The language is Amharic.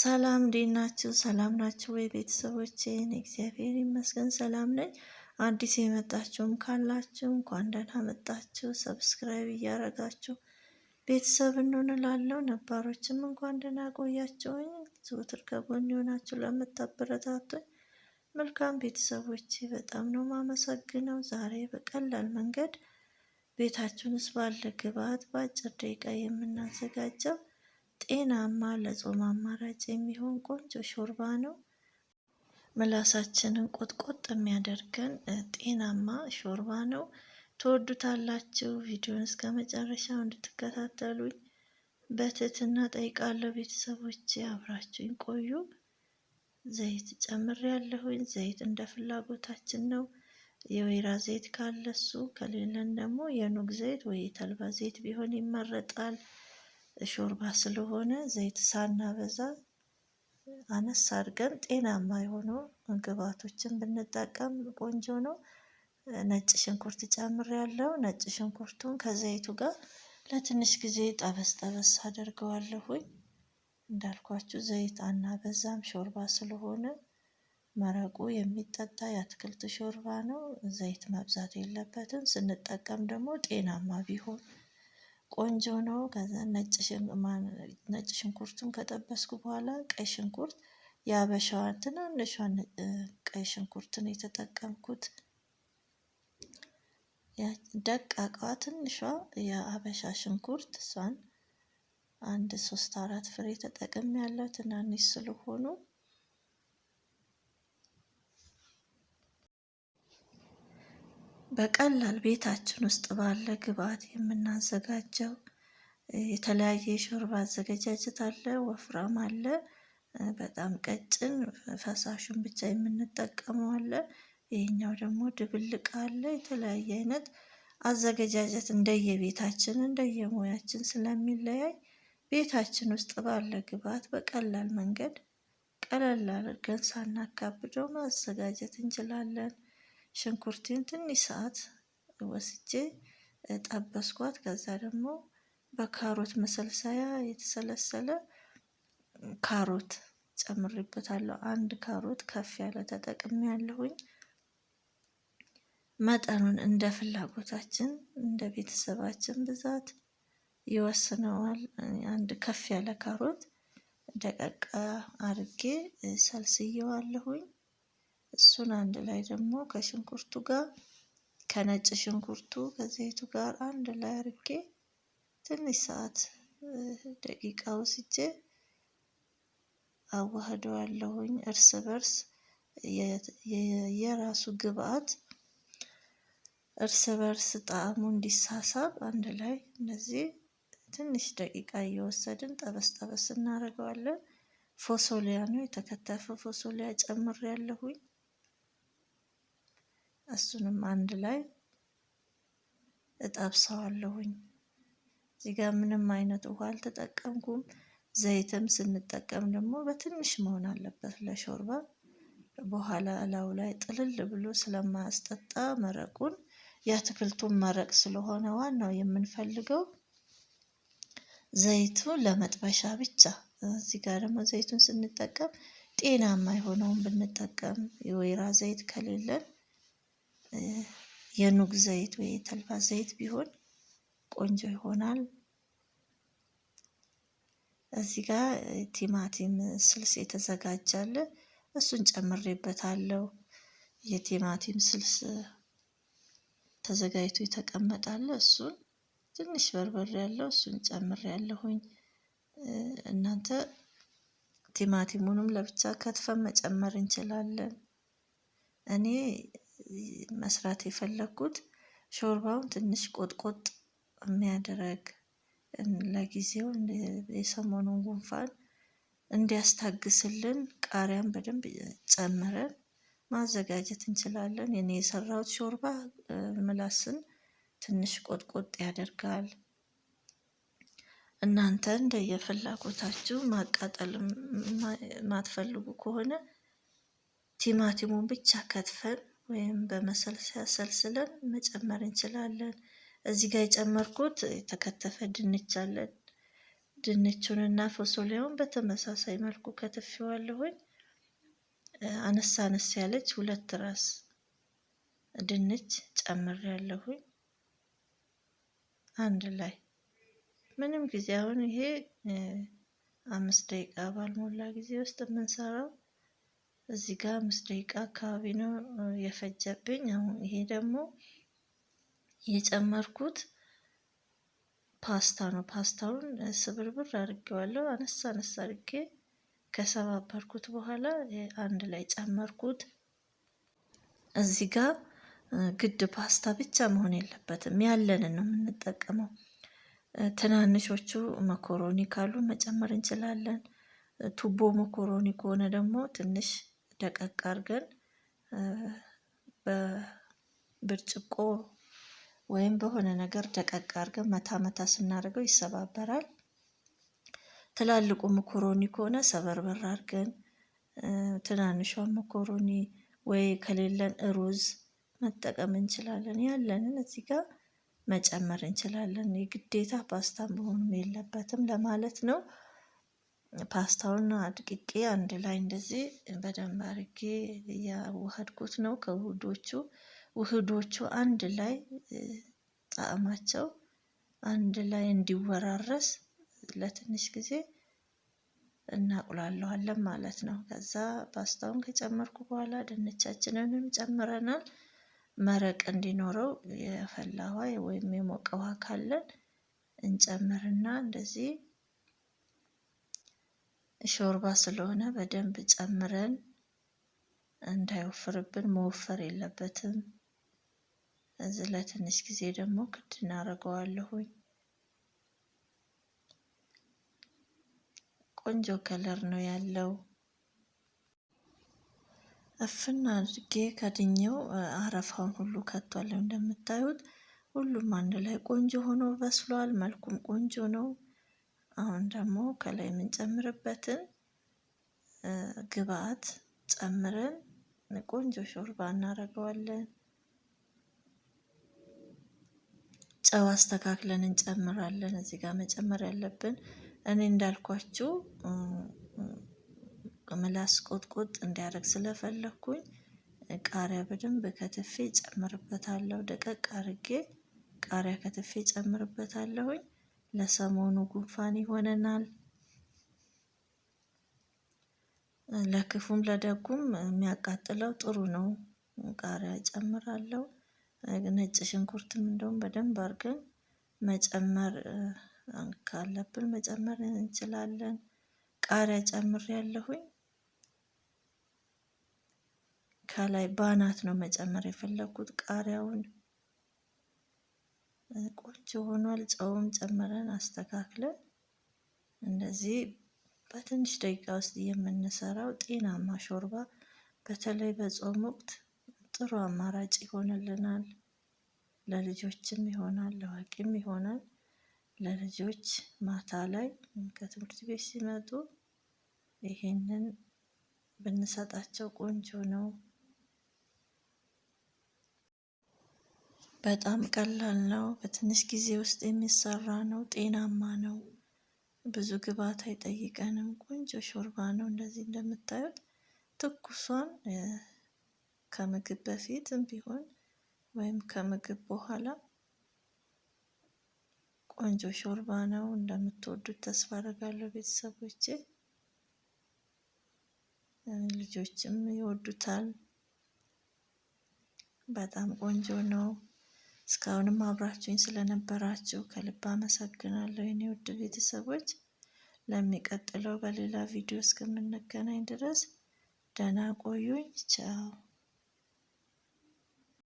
ሰላም እንዴት ናችሁ? ሰላም ናችሁ ወይ ቤተሰቦቼን? እግዚአብሔር ይመስገን ሰላም ነኝ። አዲስ የመጣችሁም ካላችሁ እንኳን ደህና መጣችሁ። ሰብስክራይብ እያረጋችሁ ቤተሰብ እንሆንላለው። ነባሮችም እንኳን ደህና ቆያችሁኝ። ዘወትር ከጎን የሆናችሁ ለምታበረታቱኝ መልካም ቤተሰቦቼ በጣም ነው ማመሰግነው። ዛሬ በቀላል መንገድ ቤታችሁን ውስጥ ባለ ግብአት በአጭር ደቂቃ የምናዘጋጀው ጤናማ ለጾም አማራጭ የሚሆን ቆንጆ ሾርባ ነው። ምላሳችንን ቆጥቆጥ የሚያደርገን ጤናማ ሾርባ ነው። ትወዱታላችሁ። ቪዲዮን እስከ መጨረሻው እንድትከታተሉኝ በትህትና ጠይቃለሁ። ቤተሰቦች አብራችሁኝ ቆዩ። ዘይት ጨምር ያለሁኝ። ዘይት እንደ ፍላጎታችን ነው። የወይራ ዘይት ካለሱ ከሌለን ደግሞ የኑግ ዘይት ወይ የተልባ ዘይት ቢሆን ይመረጣል። ሾርባ ስለሆነ ዘይት ሳናበዛ አነስ አድርገን ጤናማ የሆኑ ግብአቶችን ብንጠቀም ቆንጆ ነው። ነጭ ሽንኩርት ጨምር ያለው ነጭ ሽንኩርቱን ከዘይቱ ጋር ለትንሽ ጊዜ ጠበስ ጠበስ አደርገዋለሁኝ። እንዳልኳችሁ ዘይት አናበዛም፣ ሾርባ ስለሆነ መረቁ የሚጠጣ የአትክልት ሾርባ ነው። ዘይት መብዛት የለበትም። ስንጠቀም ደግሞ ጤናማ ቢሆን ቆንጆ ነው። ከዛ ነጭ ሽንኩርቱን ከጠበስኩ በኋላ ቀይ ሽንኩርት የሀበሻዋን ትናንሿን ቀይ ሽንኩርትን የተጠቀምኩት ደቃቃዋ ትንሿ የሀበሻ ሽንኩርት እሷን አንድ ሶስት አራት ፍሬ ተጠቅሜያለሁ ትናንሽ ስለሆኑ በቀላል ቤታችን ውስጥ ባለ ግብአት የምናዘጋጀው የተለያየ የሾርባ አዘገጃጀት አለ። ወፍራም አለ፣ በጣም ቀጭን ፈሳሹን ብቻ የምንጠቀመው አለ። ይህኛው ደግሞ ድብልቅ አለ። የተለያየ አይነት አዘገጃጀት እንደየቤታችን እንደየሙያችን ስለሚለያይ ቤታችን ውስጥ ባለ ግብአት በቀላል መንገድ ቀለል አድርገን ሳናካብደው ማዘጋጀት እንችላለን። ሽንኩርቴን ትንሽ ሰዓት ወስጄ ጠበስኳት። ከዛ ደግሞ በካሮት መሰልሰያ የተሰለሰለ ካሮት ጨምሬበታለሁ። አንድ ካሮት ከፍ ያለ ያለሁኝ መጠኑን እንደ ፍላጎታችን እንደ ቤተሰባችን ብዛት ይወስነዋል። አንድ ከፍ ያለ ካሮት ደቀቅ አድርጌ ሰልስየዋለሁኝ። እሱን አንድ ላይ ደግሞ ከሽንኩርቱ ጋር ከነጭ ሽንኩርቱ ከዘይቱ ጋር አንድ ላይ አድርጌ ትንሽ ሰዓት ደቂቃ ወስጄ አዋህደዋለሁኝ እርስ በርስ የራሱ ግብአት እርስ በርስ ጣዕሙ እንዲሳሳብ አንድ ላይ እነዚህ ትንሽ ደቂቃ እየወሰድን ጠበስ ጠበስ እናደርገዋለን። ፎሶሊያ ነው የተከተፈ ፎሶሊያ ጨምሬ ያለሁኝ። እሱንም አንድ ላይ እጠብሰዋለሁኝ። እዚህ ጋር ምንም አይነት ውሃ አልተጠቀምኩም። ዘይትም ስንጠቀም ደግሞ በትንሽ መሆን አለበት ለሾርባ በኋላ እላው ላይ ጥልል ብሎ ስለማያስጠጣ መረቁን የአትክልቱን መረቅ ስለሆነ ዋናው የምንፈልገው ዘይቱ ለመጥበሻ ብቻ። እዚህ ጋር ደግሞ ዘይቱን ስንጠቀም ጤናማ የሆነውን ብንጠቀም የወይራ ዘይት ከሌለን የኑግ ዘይት ወይ የተልባ ዘይት ቢሆን ቆንጆ ይሆናል። እዚህ ጋር ቲማቲም ስልስ የተዘጋጃለ እሱን ጨምሬበታለሁ። የቲማቲም ስልስ ተዘጋጅቶ የተቀመጣለ እሱን ትንሽ በርበር ያለው እሱን ጨምር ያለሁኝ። እናንተ ቲማቲሙንም ለብቻ ከትፈን መጨመር እንችላለን። እኔ መስራት የፈለግኩት ሾርባውን ትንሽ ቆጥቆጥ የሚያደርግ ለጊዜው የሰሞኑን ጉንፋን እንዲያስታግስልን ቃሪያን በደንብ ጨምረን ማዘጋጀት እንችላለን። እኔ የሰራሁት ሾርባ ምላስን ትንሽ ቆጥቆጥ ያደርጋል። እናንተ እንደየፍላጎታችሁ ማቃጠል የማትፈልጉ ከሆነ ቲማቲሙን ብቻ ከትፈን ወይም በመሰልሰያ ሰልስለን መጨመር እንችላለን። እዚህ ጋር የጨመርኩት የተከተፈ ድንች አለን። ድንቹን እና ፎሶሊያውን በተመሳሳይ መልኩ ከትፌዋለሁኝ። አነሳ አነስ ያለች ሁለት ራስ ድንች ጨምር ያለሁኝ አንድ ላይ ምንም ጊዜ አሁን ይሄ አምስት ደቂቃ ባልሞላ ጊዜ ውስጥ የምንሰራው እዚህ ጋር አምስት ደቂቃ አካባቢ ነው የፈጀብኝ። አሁን ይሄ ደግሞ የጨመርኩት ፓስታ ነው። ፓስታውን ስብርብር አድርጌዋለሁ። አነሳ አነሳ አድርጌ ከሰባበርኩት በኋላ አንድ ላይ ጨመርኩት። እዚህ ጋር ግድ ፓስታ ብቻ መሆን የለበትም፣ ያለንን ነው የምንጠቀመው። ትናንሾቹ መኮሮኒ ካሉ መጨመር እንችላለን። ቱቦ መኮሮኒ ከሆነ ደግሞ ትንሽ ደቀቅ አድርገን በብርጭቆ ወይም በሆነ ነገር ደቀቅ አድርገን መታ መታ ስናደርገው ይሰባበራል። ትላልቁ መኮሮኒ ከሆነ ሰበርበር አድርገን ትናንሿ መኮሮኒ ወይ ከሌለን ሩዝ መጠቀም እንችላለን። ያለንን እዚህ ጋር መጨመር እንችላለን። የግዴታ ፓስታ መሆን የለበትም ለማለት ነው። ፓስታውን አድቅቄ አንድ ላይ እንደዚህ በደንብ አድርጌ እያዋሃድኩት ነው ከውህዶቹ ውህዶቹ አንድ ላይ ጣዕማቸው አንድ ላይ እንዲወራረስ ለትንሽ ጊዜ እናቁላለዋለን ማለት ነው። ከዛ ፓስታውን ከጨመርኩ በኋላ ድንቻችንንም ጨምረናል። መረቅ እንዲኖረው የፈላ ውሃ ወይም የሞቀ ውሃ ካለን እንጨምርና እንደዚህ ሾርባ ስለሆነ በደንብ ጨምረን እንዳይወፍርብን መወፈር የለበትም። እዚህ ለትንሽ ጊዜ ደግሞ ክድ እናደርገዋለሁኝ። ቆንጆ ከለር ነው ያለው። እፍን አድርጌ ከድኘው አረፋውን ሁሉ ከቷል። እንደምታዩት ሁሉም አንድ ላይ ቆንጆ ሆኖ በስሏል። መልኩም ቆንጆ ነው። አሁን ደግሞ ከላይ የምንጨምርበትን ግብአት ጨምረን ቆንጆ ሾርባ እናደርገዋለን። ጨው አስተካክለን እንጨምራለን። እዚህ ጋር መጨመር ያለብን እኔ እንዳልኳችሁ ምላስ ቁጥቁጥ እንዲያደርግ ስለፈለግኩኝ ቃሪያ በደንብ ከትፌ ጨምርበታለሁ። ደቀቅ አርጌ ቃሪያ ከትፌ ጨምርበታለሁኝ። ለሰሞኑ ጉንፋን ይሆነናል። ለክፉም ለደጉም የሚያቃጥለው ጥሩ ነው። ቃሪያ ጨምራለሁ። ነጭ ሽንኩርትም እንደውም በደንብ አድርገን መጨመር ካለብን መጨመር እንችላለን። ቃሪያ ጨምር ያለሁኝ ከላይ በአናት ነው መጨመር የፈለኩት ቃሪያውን ቆንጆ ሆኗል። ጨውም ጨምረን አስተካክለን እንደዚህ በትንሽ ደቂቃ ውስጥ የምንሰራው ጤናማ ሾርባ በተለይ በጾም ወቅት ጥሩ አማራጭ ይሆንልናል። ለልጆችም ይሆናል፣ ለአዋቂም ይሆናል። ለልጆች ማታ ላይ ከትምህርት ቤት ሲመጡ ይሄንን ብንሰጣቸው ቆንጆ ነው። በጣም ቀላል ነው። በትንሽ ጊዜ ውስጥ የሚሰራ ነው። ጤናማ ነው። ብዙ ግብአት አይጠይቀንም። ቆንጆ ሾርባ ነው። እንደዚህ እንደምታዩት ትኩሷን ከምግብ በፊትም ቢሆን ወይም ከምግብ በኋላ ቆንጆ ሾርባ ነው። እንደምትወዱት ተስፋ አደርጋለሁ ቤተሰቦቼ። ልጆችም ይወዱታል። በጣም ቆንጆ ነው። እስካሁንም አብራችሁኝ ስለነበራችሁ ከልብ አመሰግናለሁ የኔ ውድ ቤተሰቦች። ለሚቀጥለው በሌላ ቪዲዮ እስከምንገናኝ ድረስ ደህና ቆዩኝ። ቻው